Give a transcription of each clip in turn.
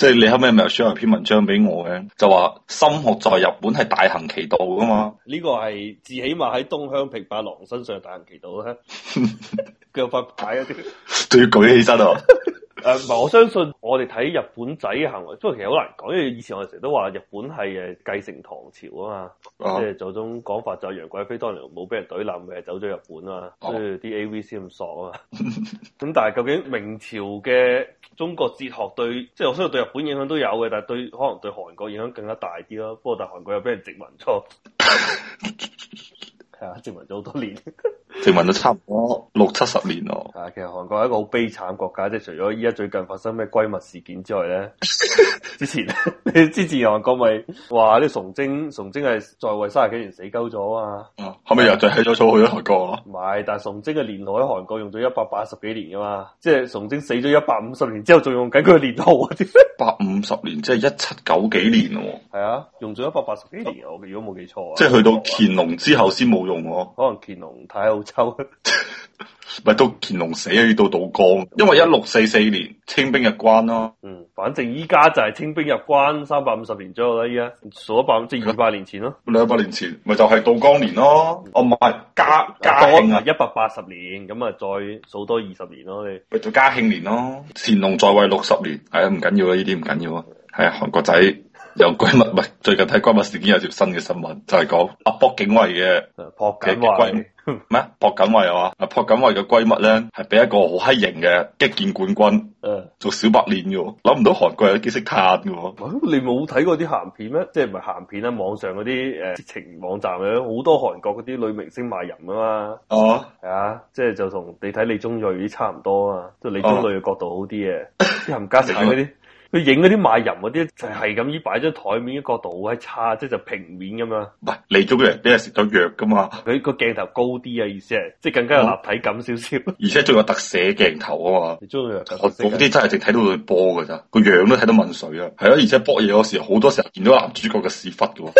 即係你後尾咪寫埋篇文章俾我嘅，就話心學在日本係大行其道噶嘛？呢個係至起碼喺東鄉平八郎身上大行其道啊！腳 發牌啊， 都要舉起身啊！ 誒，唔係，我相信我哋睇日本仔嘅行為，不過其實好難講，因為以前我哋成日都話日本係誒繼承唐朝啊嘛，即係做種講法就係楊貴妃當年冇俾人懟冧嘅，走咗日本啦，即係啲 A V 先咁傻啊！咁但係究竟明朝嘅中國哲學對，即係我相信對日本影響都有嘅，但係對可能對韓國影響更加大啲咯。不過但韓國又俾人殖民咗，係啊，殖民咗好多年。剩埋都差唔多六七十年咯。啊，其實韓國係一個好悲慘國家，即係除咗依家最近發生咩閨蜜事件之外咧， 之前之前韓國咪話啲崇禎崇禎係在位卅幾年死鳩咗啊，後咪、啊啊、又就起咗草去咗韓國咯、啊。唔係，但係崇禎嘅年代喺韓國用咗一百八十幾年噶嘛，即係崇禎死咗一百五十年之後仲用緊佢嘅年號啊！點 解？百五十年即係一七九幾年咯。係啊，用咗一百八十幾年我、啊、如果冇記錯，即係去到乾隆之後先冇用咯、啊。可能乾隆太唔係 到乾隆死啊，要到道光，因為一六四四年清兵，啊嗯、清兵入關咯。嗯，反正依家就係清兵入關三百五十年左右啦。依家數一百即係兩百年前咯、啊，兩百年前咪就係道光年咯。哦，唔係嘉嘉慶啊，一百八十年咁啊，啊再數多二十年咯、啊，你咪到嘉慶年咯、啊。乾隆在位六十年，係、哎、啊，唔緊要啊，呢啲唔緊要啊，係啊，韓國仔。有閨蜜，唔係最近睇閨蜜事件有條新嘅新聞，就係、是、講阿朴槿惠嘅朴槿惠咩？朴槿惠係嘛？阿 朴槿惠嘅閨蜜咧，係俾一個好閪型嘅擊劍冠軍，誒，uh, 做小白臉嘅，諗唔到韓國人都幾識嘆嘅喎。你冇睇過啲鹹片咩？即係唔係鹹片啦，網上嗰啲誒色情網站有好多韓國嗰啲女明星賣淫噶嘛。哦，係啊，即係就同你睇李宗瑞啲差唔多啊，即係李宗瑞嘅角度好啲嘅，啲鹹、uh, 加食嗰啲。佢影嗰啲賣淫嗰啲就係咁依擺張台面嘅角度好閪差，即係就是，平面咁啊！唔係嚟咗嘅人，俾人食咗藥噶嘛？佢個鏡頭高啲啊，意思係即係更加有立體感少少，嗯。而且仲有特寫鏡頭啊嘛！你中意啊？嗰啲真係淨睇到佢波噶咋，個樣都睇到問水啊！係咯，而且搏嘢嗰時好多時候見到男主角嘅屎忽噶，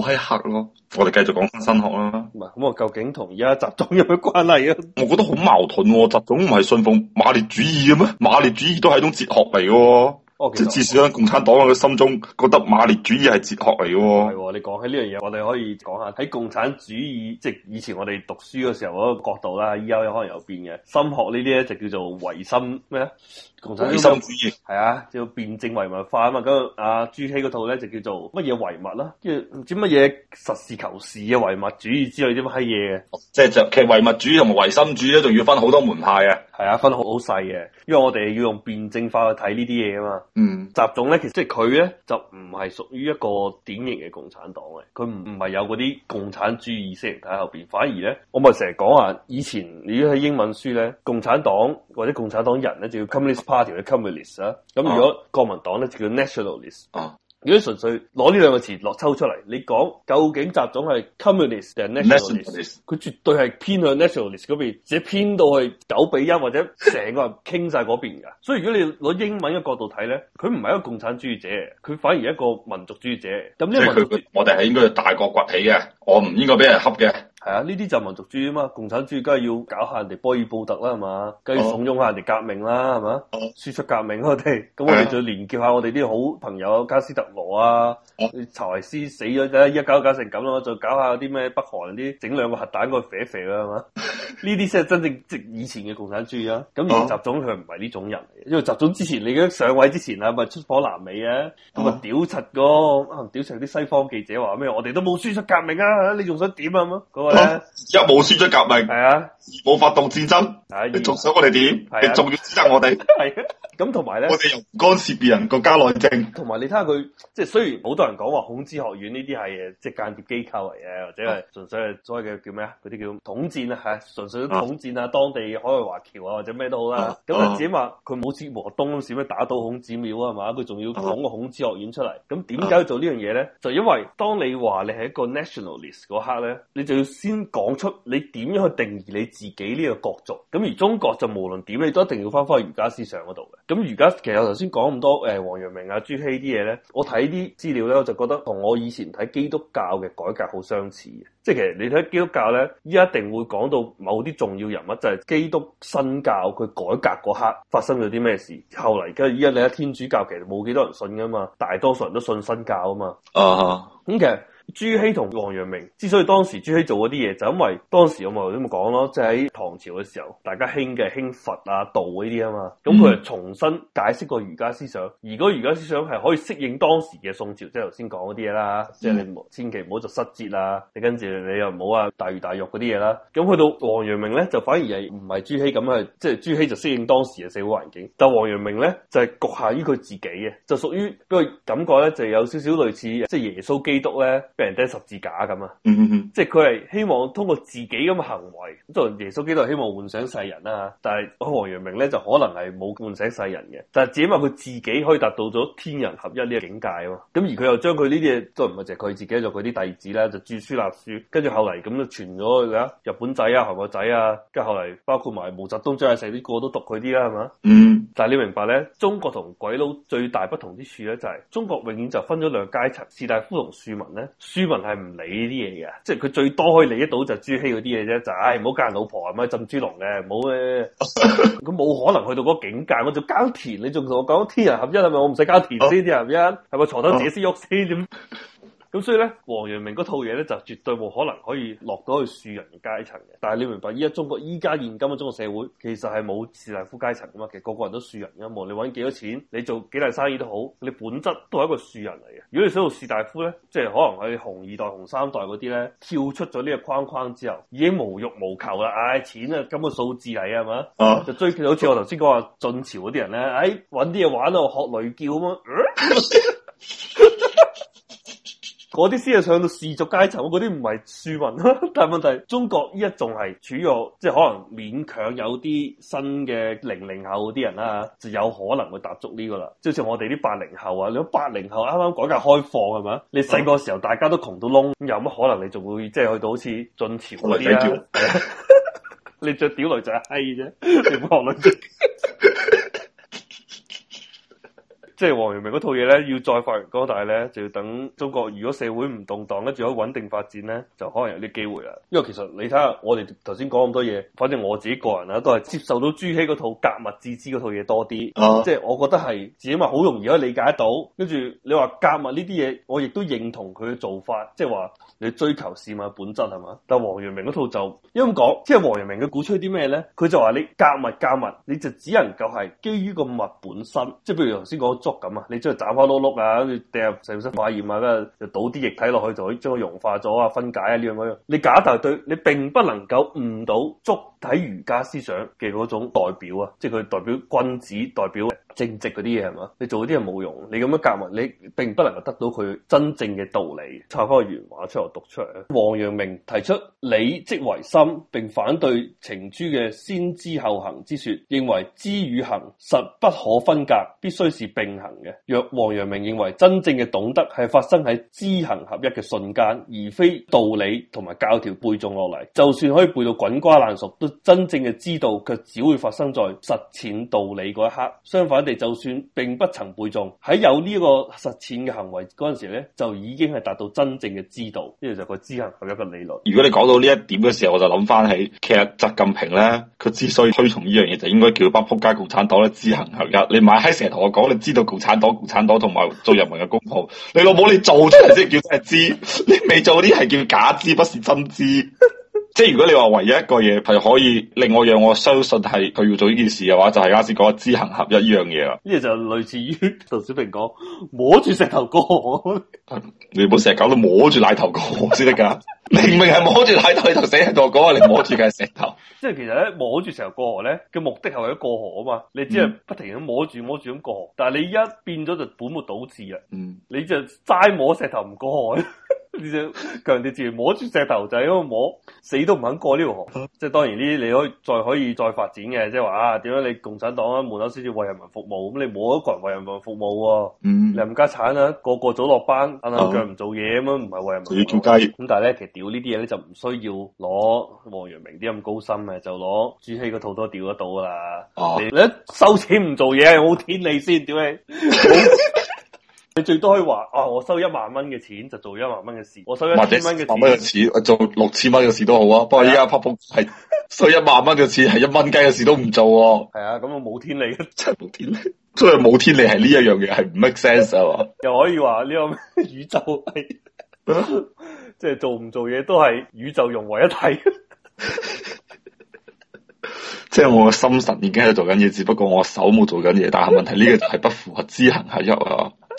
好閪 黑咯！我哋繼續講心學啦。唔係咁，我究竟同而家習總有咩關係啊？我覺得好矛盾喎，哦，習總唔係信奉馬列主義嘅咩？馬列主義都係一種哲學嚟嘅。哦，即至少喺共產黨嘅心中，覺得馬列主義係哲學嚟嘅。係、哦哦，你講起呢樣嘢，我哋可以講下喺共產主義，即係以前我哋讀書嘅時候嗰個角度啦。依家有可能有變嘅，心學呢啲咧就叫做唯心咩咧？唯心主義係啊，叫辯證唯物化啊嘛。咁啊，朱熹嗰套咧就叫做乜嘢唯物啦、啊，即唔知乜嘢實事求是嘅唯物主義之類啲乜嘢嘅。即係就其實唯物主義同唯心主義咧，仲要分好多門派嘅、啊。係啊，分好好細嘅，因為我哋要用辯證化去睇呢啲嘢啊嘛。嗯，習總咧其實即係佢咧就唔係屬於一個典型嘅共產黨嘅，佢唔唔係有嗰啲共產主義思想喺後邊。反而咧，我咪成日講話以前如果喺英文書咧，共產黨或者共產黨人咧就要 communist 啊，咁如果國民黨咧就叫 nationalist、啊。如果純粹攞呢兩個詞落抽出嚟，你講究竟習總係 communist 定 nationalist？佢絕對係偏向 nationalist 嗰邊，只1，或者偏到去九比一或者成個人傾曬嗰邊㗎。 所以如果你攞英文嘅角度睇咧，佢唔係一個共產主義者，佢反而一個民族主義者。咁因為佢，我哋係應該大國崛起嘅，我唔應該俾人恰嘅。係啊，呢啲就民族主義嘛，共產主義梗係要搞下人哋波爾布特啦，係嘛，梗要慫恿下人哋革命啦，係嘛，輸出革命我哋，咁我哋就連結下我哋啲好朋友加斯特羅啊，查韋斯、啊、死咗一搞搞成咁咯，就搞下啲咩北韓啲整兩個核彈過去射一射啦，係嘛？呢啲先係真正即以前嘅共產主義啊，咁而習總佢唔係呢種人嚟嘅，因為習總之前你而家上位之前啊，咪出火南美啊，咁咪屌柒個，屌柒啲西方記者話咩？我哋都冇輸出革命啊，你仲想點啊？咁啊？一冇組咗革命，二冇發動戰爭，啊、你仲想我哋點？啊、你仲要指責我哋？係咁同埋咧， 呢我哋又唔干涉別人國家內政。同埋你睇下佢，即係雖然好多人講話孔子學院呢啲係即係間諜機構嚟嘅，或者係純粹係所謂嘅叫咩啊？嗰啲叫統戰啊，係純粹都統戰啊，當地海外華僑啊或者咩都好啦。咁孔子話佢冇切和東，使乜打倒孔子廟啊嘛？佢仲要講個孔子學院出嚟，咁點解要做呢樣嘢咧？就因為當你話你係一個 nationalist 嗰刻咧，你就要。 先講出你點樣去定義你自己呢個國族咁，而中國就無論點你都一定要翻翻去儒家思想嗰度嘅。咁而家其實我頭先講咁多誒、呃、王陽明啊朱熹啲嘢咧，我睇啲資料咧，我就覺得同我以前睇基督教嘅改革好相似嘅。即係其實你睇基督教咧，依家一定會講到某啲重要人物就係、是、基督新教佢改革嗰刻發生咗啲咩事，後嚟跟依家你一天主教其實冇幾多人信噶嘛，大多數人都信新教啊嘛。啊，咁、嗯、其實。朱熹同王陽明之所以當時朱熹做嗰啲嘢，就因為當時我咪咁講咯，即係喺唐朝嘅時候，大家興嘅興佛啊道呢啲啊嘛，咁佢係重新解釋過儒家思想。如果儒家思想係可以適應當時嘅宋朝，即係頭先講嗰啲嘢啦。即係你千祈唔好就失節啦，你跟住你又唔好話大魚大肉嗰啲嘢啦。咁去到王陽明咧，就反而係唔係朱熹咁係，即係朱熹就適應當時嘅社會環境，但係王陽明咧就係、是、局限於佢自己嘅，就屬於個感覺咧就有少少類似即係耶穌基督咧。俾人掟十字架咁啊！ 即係佢係希望通過自己咁嘅行為，咁就耶穌基督希望喚醒世人啦、啊。但係王陽明咧就可能係冇喚醒世人嘅，但係只因為佢自己可以達到咗天人合一呢個境界咯。咁而佢又將佢呢啲嘢，都唔係就佢自己，就佢啲弟子啦，就著書立書，跟住後嚟，咁就傳咗佢啊日本仔啊、韓國仔啊，跟住後嚟包括埋毛澤東將嚟成啲個都讀佢啲啦，係嘛？ 但係你明白咧，中國同鬼佬最大不同之處咧，就係中國永遠就分咗兩個階層，士大夫同庶民咧。書民係唔理呢啲嘢嘅，即係佢最多可以理得到就朱熹嗰啲嘢啫，就唉，唔好奸人老婆啊係咪浸豬籠嘅，唔好咩？佢冇可能去到嗰個境界。我就耕田，你仲同我講天人合一係咪？我唔使耕田先天人合一，係咪鋤頭自己先喐先點？咁所以咧，王陽明嗰套嘢咧就絕對冇可能可以落到去庶人階層嘅。但係你明白依家中國依家現今嘅中國社會，其實係冇士大夫階層噶嘛？其實個個人都庶人噶嘛。你搵幾多錢，你做幾大生意都好，你本質都係一個庶人嚟嘅。如果你想做士大夫咧，即係可能係紅二代、紅三代嗰啲咧，跳出咗呢個框框之後，已經無慾無求啦。唉、哎，錢啊，咁嘅數字嚟啊嘛，就追求好似我頭先講話晉朝嗰啲人咧，唉、哎，搵啲嘢玩啊，學雷叫噶嘛。啊 嗰啲先係上到世俗階層，嗰啲唔係庶民。但係問題中國依家仲係處於我即係可能勉強有啲新嘅零零後啲人啦，嗯、就有可能會踏足呢個啦。即好似我哋啲八零後啊，你果八零後啱啱改革開放係咪？你細個時候大家都窮到窿，有乜可能你仲會即係去到好似晉朝嗰啲啊？你着屌女就係閪啫，你唔學女。 即係王陽明嗰套嘢咧，要再發揚光大咧，就要等中國如果社會唔動盪咧，仲有穩定發展咧，就可能有啲機會啦。因為其實你睇下，我哋頭先講咁多嘢，反正我自己個人啊，都係接受到朱熹嗰套格物致知嗰套嘢多啲。Uh, 即係我覺得係自己話好容易可以理解到。跟住你話格物呢啲嘢，我亦都認同佢嘅做法，即係話你追求事物嘅本質係嘛。但係王陽明嗰套就因為咁講，即係王陽明佢鼓吹啲咩咧？佢就話你格物格物，你就只能夠係基於個物本身，即係譬如頭先講。竹咁啊，你將佢斬開碌碌啊，跟住掟入實驗室化驗啊，跟住就倒啲液體落去，就可將佢融化咗啊，分解啊呢樣嗰樣。你假大對，你並不能夠悟到竹體儒家思想嘅嗰種代表啊，即係佢代表君子，代表正直嗰啲嘢係嘛？你做啲係冇用，你咁樣夾埋，你並不能夠得到佢真正嘅道理。拆開個原話出嚟讀出嚟。王陽明提出理即為心，並反對程朱嘅先知後行之說，認為知與行實不可分隔，必須是並行嘅。若王陽明認為真正嘅懂得係發生喺知行合一嘅瞬間，而非道理同埋教條背誦落嚟，就算可以背到滾瓜爛熟，都真正嘅知道卻只會發生在實踐道理嗰一刻。相反。你哋就算並不曾背誦，喺有呢個實踐嘅行為嗰陣時咧，就已經係達到真正嘅知道，呢個就係個知行合一嘅理論。如果你講到呢一點嘅時候，我就諗翻起，其實習近平咧，佢之所以推崇呢樣嘢，就應該叫班仆街共產黨咧知行合一。你買喺成日同我講，你知道共產黨、共產黨同埋做人民嘅公僕，你老母，你做出嚟先叫真知， 你未做啲係叫假知，不是真知。即係如果你話唯一一個嘢係可以令我讓我相信係佢要做呢件事嘅話，就係啱先嗰個知行合一呢樣嘢啦。呢個就類似於鄧小平講摸住石， 石頭過河。你冇成日搞到摸住奶頭過河先得噶。明明係摸住奶頭，你頭死喺度過，你摸住嘅係石頭。 即係其實咧摸住石頭過河咧，嘅目的係為咗過河啊嘛。你只係不停咁摸住摸住咁過河，但係你一變咗就本末倒置啦。嗯， 你就齋摸石頭唔過河。強調 自然摸住石頭仔，我摸死都唔肯過呢條河。啊、即係當然呢啲，你可以再可以再發展嘅，即係話啊，點樣你共產黨啊，無啦先至為人民服務，咁你冇一個人為人民服務喎、啊。嗯，人家產啊，個個早落班，阿阿強唔做嘢咁樣，唔係為人民服務。佢要做雞。咁但係咧，其實屌呢啲嘢咧就唔需要攞王陽明啲咁高深嘅，就攞朱熹個套都屌得到噶啦。啊、你收錢唔做嘢，冇天理先，煮氣。你最多可以話啊，我收一萬蚊嘅錢就做一萬蚊嘅事，我收一千蚊嘅錢，萬做六千蚊嘅事都好啊。不過依家 public 係收一萬蚊嘅錢，係一蚊雞嘅事都唔做。係啊，咁啊冇天理，真係冇天理。所以冇天理係呢一樣嘢係唔 make sense 啊。 又可以話呢個宇宙係，即 係做唔做嘢都係宇宙融為一體。即 係我個心神已經喺度做緊嘢，只不過我手冇做緊嘢。但係問題呢個係不符合知行合一啊。